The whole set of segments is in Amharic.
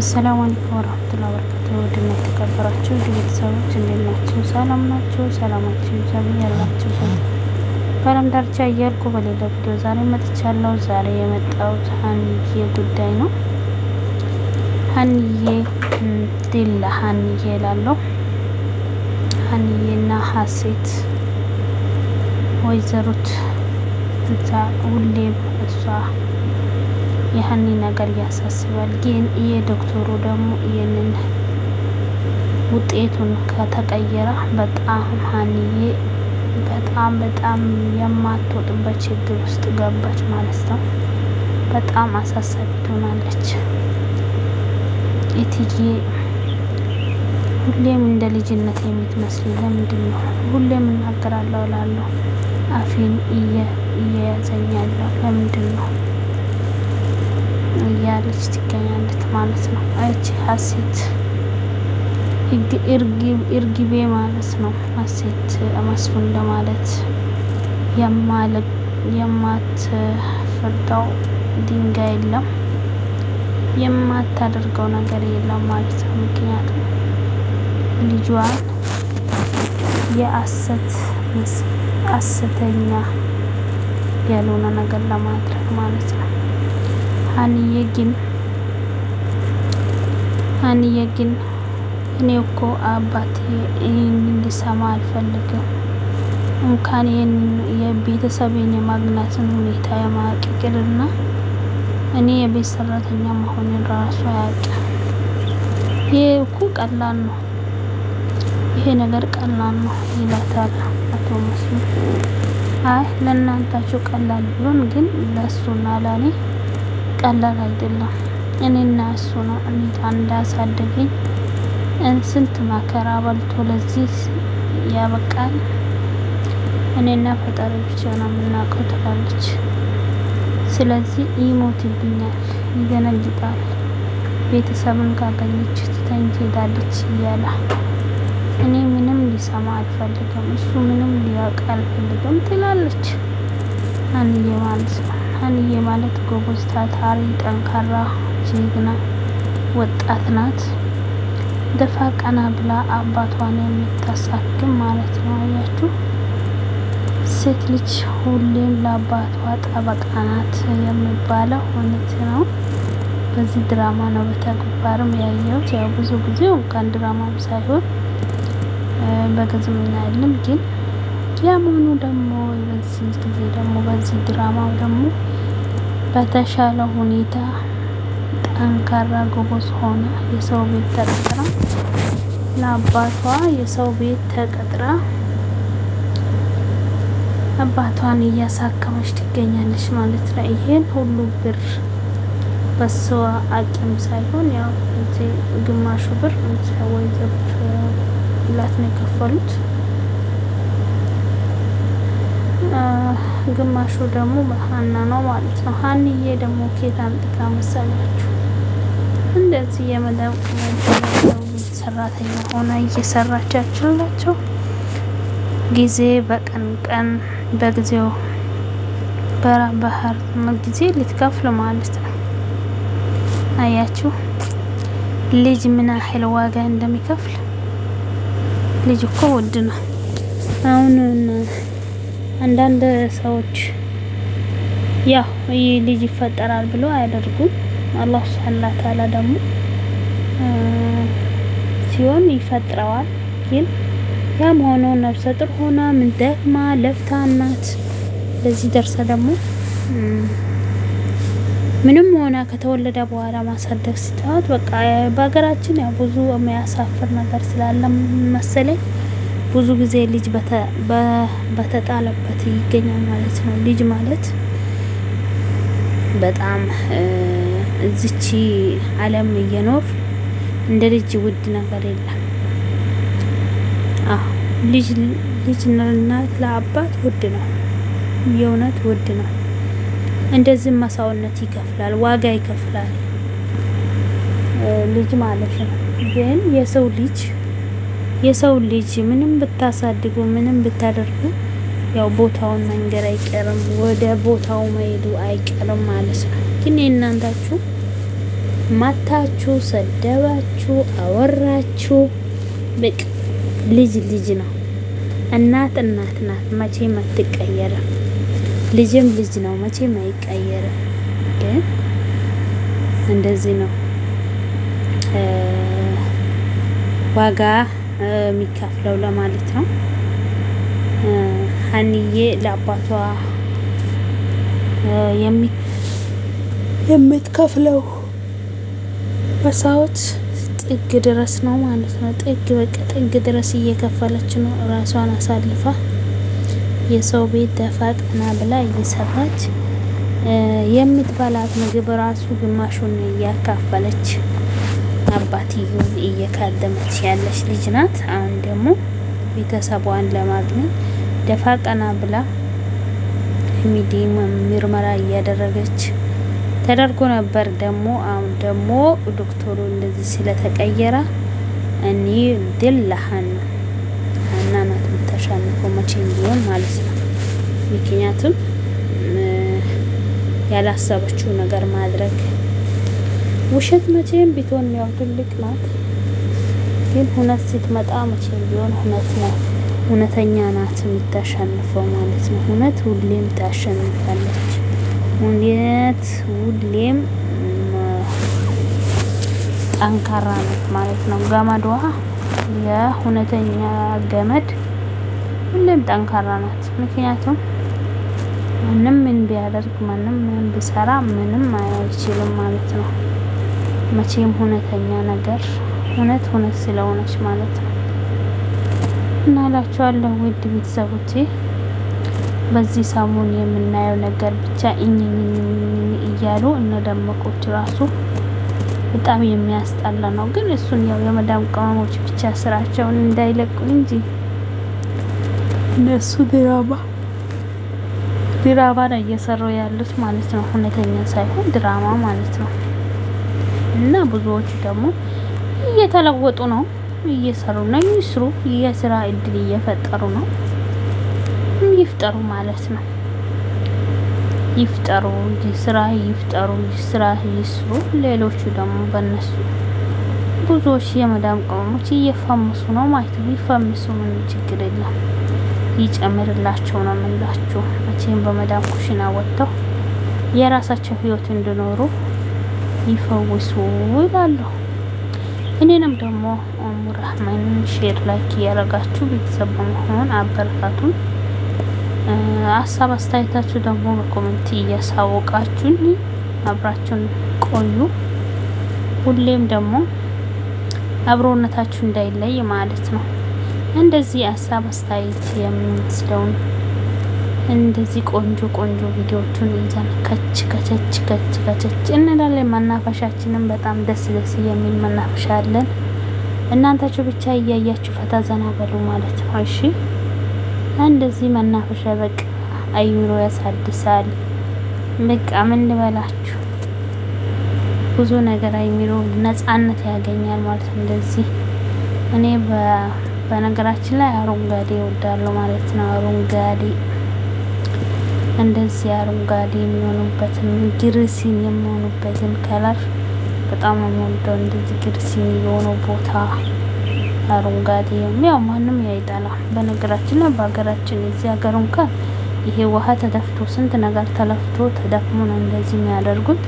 አሰላሙ አለይኩም ወራህመቱላሂ ወበረካቱህ። ውድና የተከበራችሁ ቤተሰቦች እንዴት ናችሁ? ሰላም ናችሁ? ሰላማችሁ ይብዛል ያላችሁበት በዓለም ዳርቻ እያልኩ በሌላ ቪዲዮ ዛሬ መጥቻለሁ። ዛሬ የመጣሁት ሀንዬ ጉዳይ ነው። ሀንዬ ዲላ ሀንዬ እላለሁ። ሀንዬና ሀሴት ወይዘሮት እዛ ሁሌም እሷ የሀኒ ነገር ያሳስባል። ግን የዶክተሩ ደግሞ ይህንን ውጤቱን ከተቀየረ በጣም ሀኒዬ በጣም በጣም የማትወጥበት ችግር ውስጥ ገባች ማለት ነው። በጣም አሳሳቢ ትሆናለች። ኢትዬ ሁሌም እንደ ልጅነት የምትመስል ለምንድን ነው ሁሌም እናገራለሁ እላለሁ አፌን እየያዘኛለሁ ለምንድን ነው እያለች ትገኛለች ማለት ነው። አይቺ ሀሴት እርግቤ ማለት ነው። ሀሴት መስፍን እንደማለት የማትፈርደው ድንጋይ የለም፣ የማታደርገው ነገር የለም ማለት ነው። ምክንያቱም ልጇን የአሰት አሰተኛ ያልሆነ ነገር ለማድረግ ማለት ነው። ሀንዬ ግን ሀንዬ ግን እኔ እኮ አባቴ ይህን እንዲሰማ አልፈልግም። እንኳን ይህን የቤተሰቤን የማግናትን ሁኔታ የማወቅ ይቅርና እኔ የቤት ሰራተኛ መሆንን ራሱ አያውቅም። ይህ እኮ ቀላል ነው፣ ይሄ ነገር ቀላል ነው ይላታል አቶ መስሉ። አይ ለእናንታችሁ ቀላል ቢሆን ግን ለእሱና ለእኔ ቀላል አይደለም። እኔና እሱ ነው እንዴት እንዳሳደገኝ ስንት መከራ በልቶ ለዚህ ያበቃል እኔና ፈጣሪ ብቻ ነው የምናውቀው ትላለች። ስለዚህ ይሞትብኛል፣ ይገነግጣል ቤተሰብን ካገኘች ትተኝ ትሄዳለች እያለ እኔ ምንም ሊሰማ አልፈልግም፣ እሱ ምንም ሊያውቅ አልፈልግም ትላለች አንዬ ማለት ነው። ሀንዬ ማለት ጎበዝ፣ ታታሪ፣ ጠንካራ፣ ጀግና ወጣት ናት። ደፋ ቀና ብላ አባቷን የምታሳክም ማለት ነው። አያችሁ፣ ሴት ልጅ ሁሌም ለአባቷ ጠበቃ ናት የሚባለው እውነት ነው። በዚህ ድራማ ነው በተግባርም ያየሁት። ያው ብዙ ጊዜ እንኳን ድራማም ሳይሆን በገዝም እናያለን ግን ለመሆኑ ደግሞ በዚህ ጊዜ ደግሞ በዚህ ድራማው ደግሞ በተሻለ ሁኔታ ጠንካራ ጎበዝ ሆነ የሰው ቤት ተቀጥራ ለአባቷ የሰው ቤት ተቀጥራ አባቷን እያሳከመች ትገኛለች ማለት ነው። ይሄን ሁሉ ብር በስዋ አቅም ሳይሆን ያው ግማሹ ብር ወይዘብ ብላት ነው የከፈሉት። ግማሹ ደግሞ ሀና ነው ማለት ነው። ሀንዬ ደግሞ ኬት አምጥታ መሰላችሁ እንደዚህ የመዳብ ሰራተኛ ሆና እየሰራች ያችላቸው ጊዜ በቀን ቀን በጊዜው ባህር ጊዜ ልትከፍል ማለት ነው። አያችሁ ልጅ ምን ያህል ዋጋ እንደሚከፍል። ልጅ እኮ ውድ ነው አሁን አንዳንድ ሰዎች ያው ይህ ልጅ ይፈጠራል ብሎ አያደርጉም። አላህ ሱብሓነሁ ወተዓላ ደግሞ ሲሆን ይፈጥረዋል። ግን ያም ሆኖ ነፍሰ ጡር ሆና ምን ደክማ ለፍታ እናት በዚህ ደርሳ ደግሞ ምንም ሆና ከተወለደ በኋላ ማሳደግ ስትዋት በቃ በሀገራችን ያው ብዙ የሚያሳፍር ነገር ስላለ መሰለኝ ብዙ ጊዜ ልጅ በተጣለበት ይገኛል ማለት ነው። ልጅ ማለት በጣም እዚች ዓለም እየኖር እንደ ልጅ ውድ ነገር የለም። ልጅ ልጅ ለእናት ለአባት ውድ ነው፣ የእውነት ውድ ነው። እንደዚህ መሳውነት ይከፍላል፣ ዋጋ ይከፍላል ልጅ ማለት ነው። ግን የሰው ልጅ የሰው ልጅ ምንም ብታሳድጉ ምንም ብታደርጉ ያው ቦታውን መንገድ አይቀርም፣ ወደ ቦታው መሄዱ አይቀርም ማለት ነው። ግን የእናንታችሁ ማታችሁ፣ ሰደባችሁ፣ አወራችሁ በቅ ልጅ ልጅ ነው። እናት እናት ናት፣ መቼም አትቀየርም። ልጅም ልጅ ነው፣ መቼም አይቀየርም። ግን እንደዚህ ነው ዋጋ የሚከፍለው ለማለት ነው። ሀኒዬ ለአባቷ የምትከፍለው በሳውት ጥግ ድረስ ነው ማለት ነው። ጥግ በቃ ጥግ ድረስ እየከፈለች ነው ራሷን አሳልፋ የሰው ቤት ደፋ ብላ እየሰራች የምትበላት ምግብ ራሱ ግማሹን እያካፈለች አባትዮ እየካለመች ያለች ልጅ ናት። አሁን ደግሞ ቤተሰቧን ለማግኘት ደፋ ቀና ብላ ሚዲ ምርመራ እያደረገች ተደርጎ ነበር። ደግሞ አሁን ደግሞ ዶክተሩ እንደዚህ ስለተቀየረ እኔ ድል ለሀና ሀና ናት መቼም ቢሆን ማለት ነው። ምክንያቱም ያላሰበችው ነገር ማድረግ ውሸት መቼም ቢትሆን ያው ትልቅ ናት፣ ግን እውነት ስትመጣ መቼም ቢሆን እውነት ነው እውነተኛ ናት የምታሸንፈው ማለት ነው። እውነት ሁሌም ታሸንፋለች። እውነት ሁሌም ጠንካራ ናት ማለት ነው። ገመዷ የእውነተኛ ገመድ ሁሌም ጠንካራ ናት። ምክንያቱም ምንም ምን ቢያደርግ ማንም ምን ቢሰራ ምንም አይችልም ማለት ነው። መቼም እውነተኛ ነገር እውነት እውነት ስለሆነች ማለት ነው። እና እላችኋለሁ ውድ ቤተሰቦቼ በዚህ ሰሞን የምናየው ነገር ብቻ እኝኝ እያሉ እነ ደመቆች ራሱ በጣም የሚያስጠላ ነው። ግን እሱን ያው የመዳም ቅመሞች ብቻ ስራቸውን እንዳይለቁ እንጂ እነሱ ድራማ ድራማ ነው እየሰሩ ያሉት ማለት ነው። እውነተኛ ሳይሆን ድራማ ማለት ነው። እና ብዙዎች ደግሞ እየተለወጡ ነው እየሰሩ ነው። ይስሩ፣ የስራ እድል እየፈጠሩ ነው። ይፍጠሩ ማለት ነው። ይፍጠሩ፣ ስራ ይፍጠሩ፣ ስራ ይስሩ። ሌሎቹ ደግሞ በነሱ ብዙዎች የመዳም ቅመሞች እየፈምሱ ነው ማለት ነው። ይፈምሱ፣ ምን ችግር የለም። ይጨምርላቸው ነው የምንላቸው። መቼም በመዳም ኩሽና ወጥተው የራሳቸው ህይወት እንዲኖሩ ይፈውሱ ይላሉ። እኔንም ደግሞ ሙራህማን ሼር ላይክ እያደረጋችሁ ቤተሰብ በመሆን አበረታቱን። ሀሳብ አስተያየታችሁ ደግሞ በኮሜንት እያሳወቃችሁን አብራችሁን ቆዩ። ሁሌም ደግሞ አብሮነታችሁ እንዳይለይ ማለት ነው። እንደዚህ ሀሳብ አስተያየት የምንስለውን እንደዚህ ቆንጆ ቆንጆ ቪዲዮዎቹን ይዘን ከች ከቸች ከች ከቸች እንላለን። መናፈሻችንም በጣም ደስ ደስ የሚል መናፈሻ አለን። እናንታችሁ ብቻ እያያችሁ ፈታ ዘና በሉ ማለት ነው። እሺ እንደዚህ መናፈሻ በቃ አይምሮ ያሳድሳል። በቃ ምን ልበላችሁ ብዙ ነገር አይምሮ ነጻነት ያገኛል ማለት እንደዚህ እኔ በነገራችን ላይ አረንጓዴ እወዳለሁ ማለት ነው። አረንጓዴ እንደዚህ አረንጓዴ የሚሆኑበትን ግሪሲን የሚሆኑበትን ከለር በጣም የምወደው እንደዚህ ግሪሲን የሆነው ቦታ አረንጓዴ ያው ማንም ያይጠላል። በነገራችን ላይ በሀገራችን የዚህ ሀገር እንኳን ይሄ ውሃ ተደፍቶ ስንት ነገር ተለፍቶ ተደክሞ ነው እንደዚህ የሚያደርጉት።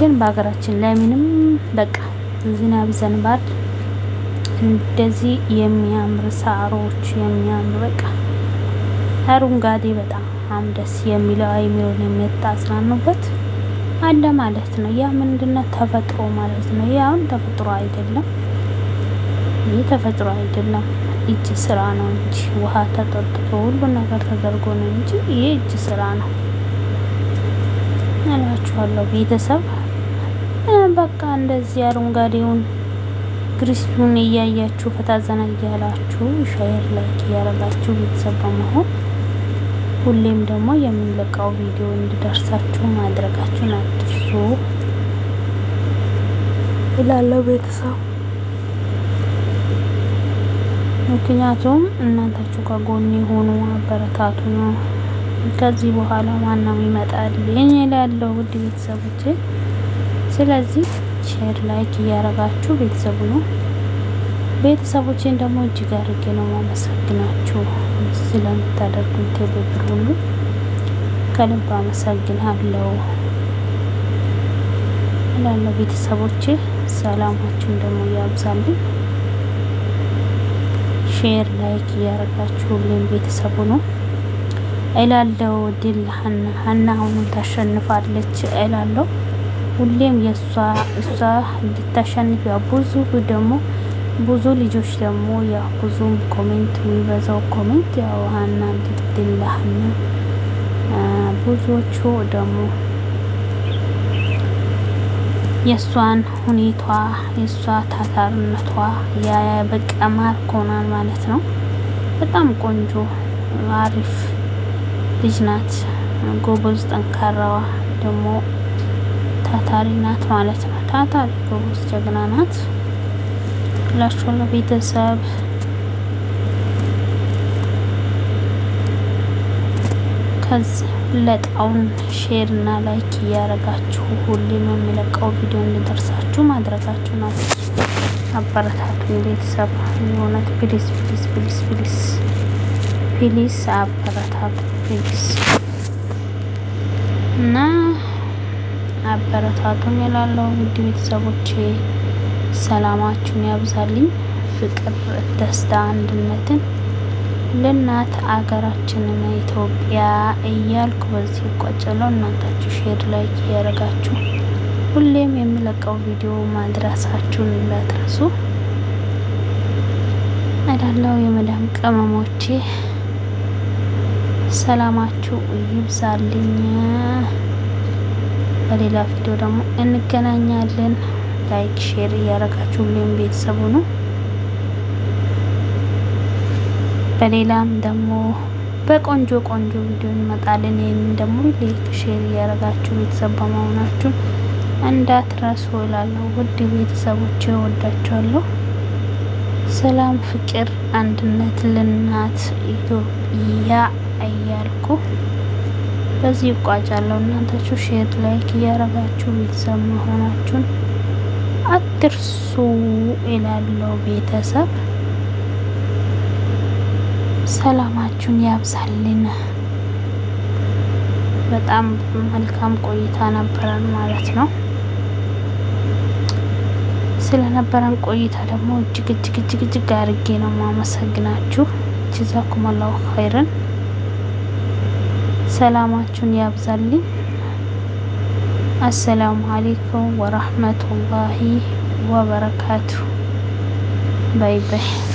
ግን በሀገራችን ላይ ምንም በቃ ዝናብ ዘንባል እንደዚህ የሚያምር ሳሮች የሚያምር በቃ አረንጓዴ በጣም ደስ የሚለው አይምሮን የምታጽናኑበት አለ ማለት ነው። ያ ምንድነው? ተፈጥሮ ማለት ነው። ያን ተፈጥሮ አይደለም። ይህ ተፈጥሮ አይደለም፣ እጅ ስራ ነው እንጂ ውሃ ተጠጥቶ ሁሉ ነገር ተደርጎ ነው እንጂ ይህ እጅ ስራ ነው እላችኋለሁ ቤተሰብ። በቃ እንደዚህ አረንጓዴውን ክርስቱን እያያችሁ ፈታዘና እያላችሁ ሸር ላይክ እያደረጋችሁ ቤተሰብ በመሆን ሁሌም ደግሞ የምንለቀው ቪዲዮ እንዲደርሳችሁ ማድረጋችሁን አትርሱ እላለሁ ቤተሰብ። ምክንያቱም እናንታችሁ ከጎን የሆኑ አበረታቱ ነው። ከዚህ በኋላ ማናም ይመጣል ይላለሁ ውድ ቤተሰቦቼ ስለዚህ ሼር፣ ላይክ እያረጋችሁ ቤተሰቡ ነው ቤተሰቦቼን ደግሞ እጅግ አድርጌ ነው ማመሰግናችሁ ስለምታደርጉት ትብብር ሁሉ ከልብ አመሰግናለሁ እላለሁ። ቤተሰቦቼ ሰላማችሁን ደግሞ ያብዛልኝ። ሼር ላይክ እያደረጋችሁ ሁሌም ቤተሰቡ ነው እላለሁ። ድል ሀና ሀና አሁንም ታሸንፋለች እላለሁ። ሁሌም የእሷ እሷ እንድታሸንፍ ያው ብዙ ደግሞ ብዙ ልጆች ደግሞ ያው ብዙ ኮሜንት የሚበዛው ኮሜንት ያው ሀና እንድትላህና ብዙዎቹ ደግሞ የእሷን ሁኔቷ የእሷ ታታርነቷ የበቃ ማር ማለት ነው። በጣም ቆንጆ አሪፍ ልጅ ናት። ጎበዝ ጠንካራዋ ደግሞ ታታሪ ናት ማለት ነው። ታታሪ ጎበዝ ጀግና ናት ሁላችሁ ለቤተሰብ ከዚ ለጣውን ሼር እና ላይክ እያደረጋችሁ ሁሌም የሚለቀው ቪዲዮ እንዲደርሳችሁ ማድረጋችሁ ናቸው። አበረታቱን ቤተሰብ የሆነት ፕሊስ ፕሊስ ፕሊስ ፕሊስ ፕሊስ አበረታቱ ፕሊስ እና አበረታቱን እላለሁ። ውድ ቤተሰቦቼ ሰላማችሁን ያብዛልኝ። ፍቅር፣ ደስታ፣ አንድነትን ለእናት አገራችንን ኢትዮጵያ እያልኩ በዚህ እቋጫለሁ። እናንታችሁ ሼር ላይክ እያደረጋችሁ ሁሌም የሚለቀው ቪዲዮ ማድረሳችሁን እንዳትረሱ እላለሁ። የመዳም ቅመሞቼ ሰላማችሁ ይብዛልኝ። በሌላ ቪዲዮ ደግሞ እንገናኛለን። ላይክ፣ ሼር እያደረጋችሁ ሁሌም ቤተሰቡ ነው። በሌላም ደግሞ በቆንጆ ቆንጆ ቪዲዮ እንመጣለን። ይህንን ደግሞ ላይክ፣ ሼር እያደረጋችሁ ቤተሰብ በመሆናችሁ እንዳትረሱ እላለሁ። ውድ ቤተሰቦች እወዳቸዋለሁ። ሰላም፣ ፍቅር፣ አንድነት ለእናት ኢትዮጵያ እያልኩ በዚህ እቋጫለሁ። እናንታችሁ ሼር ላይክ እያረጋችሁ ቤተሰብ መሆናችሁን አትርሱ ይላለው። ቤተሰብ ሰላማችሁን ያብዛልን። በጣም መልካም ቆይታ ነበረን ማለት ነው። ስለነበረን ቆይታ ደግሞ እጅግ እጅግ እጅግ እጅግ አድርጌ ነው ማመሰግናችሁ። አላሁ ኸይረን ሰላማችሁን ያብዛልኝ። አሰላሙ አሌይኩም ወራህመቱላሂ ወበረካቱ። ባይ ባይ።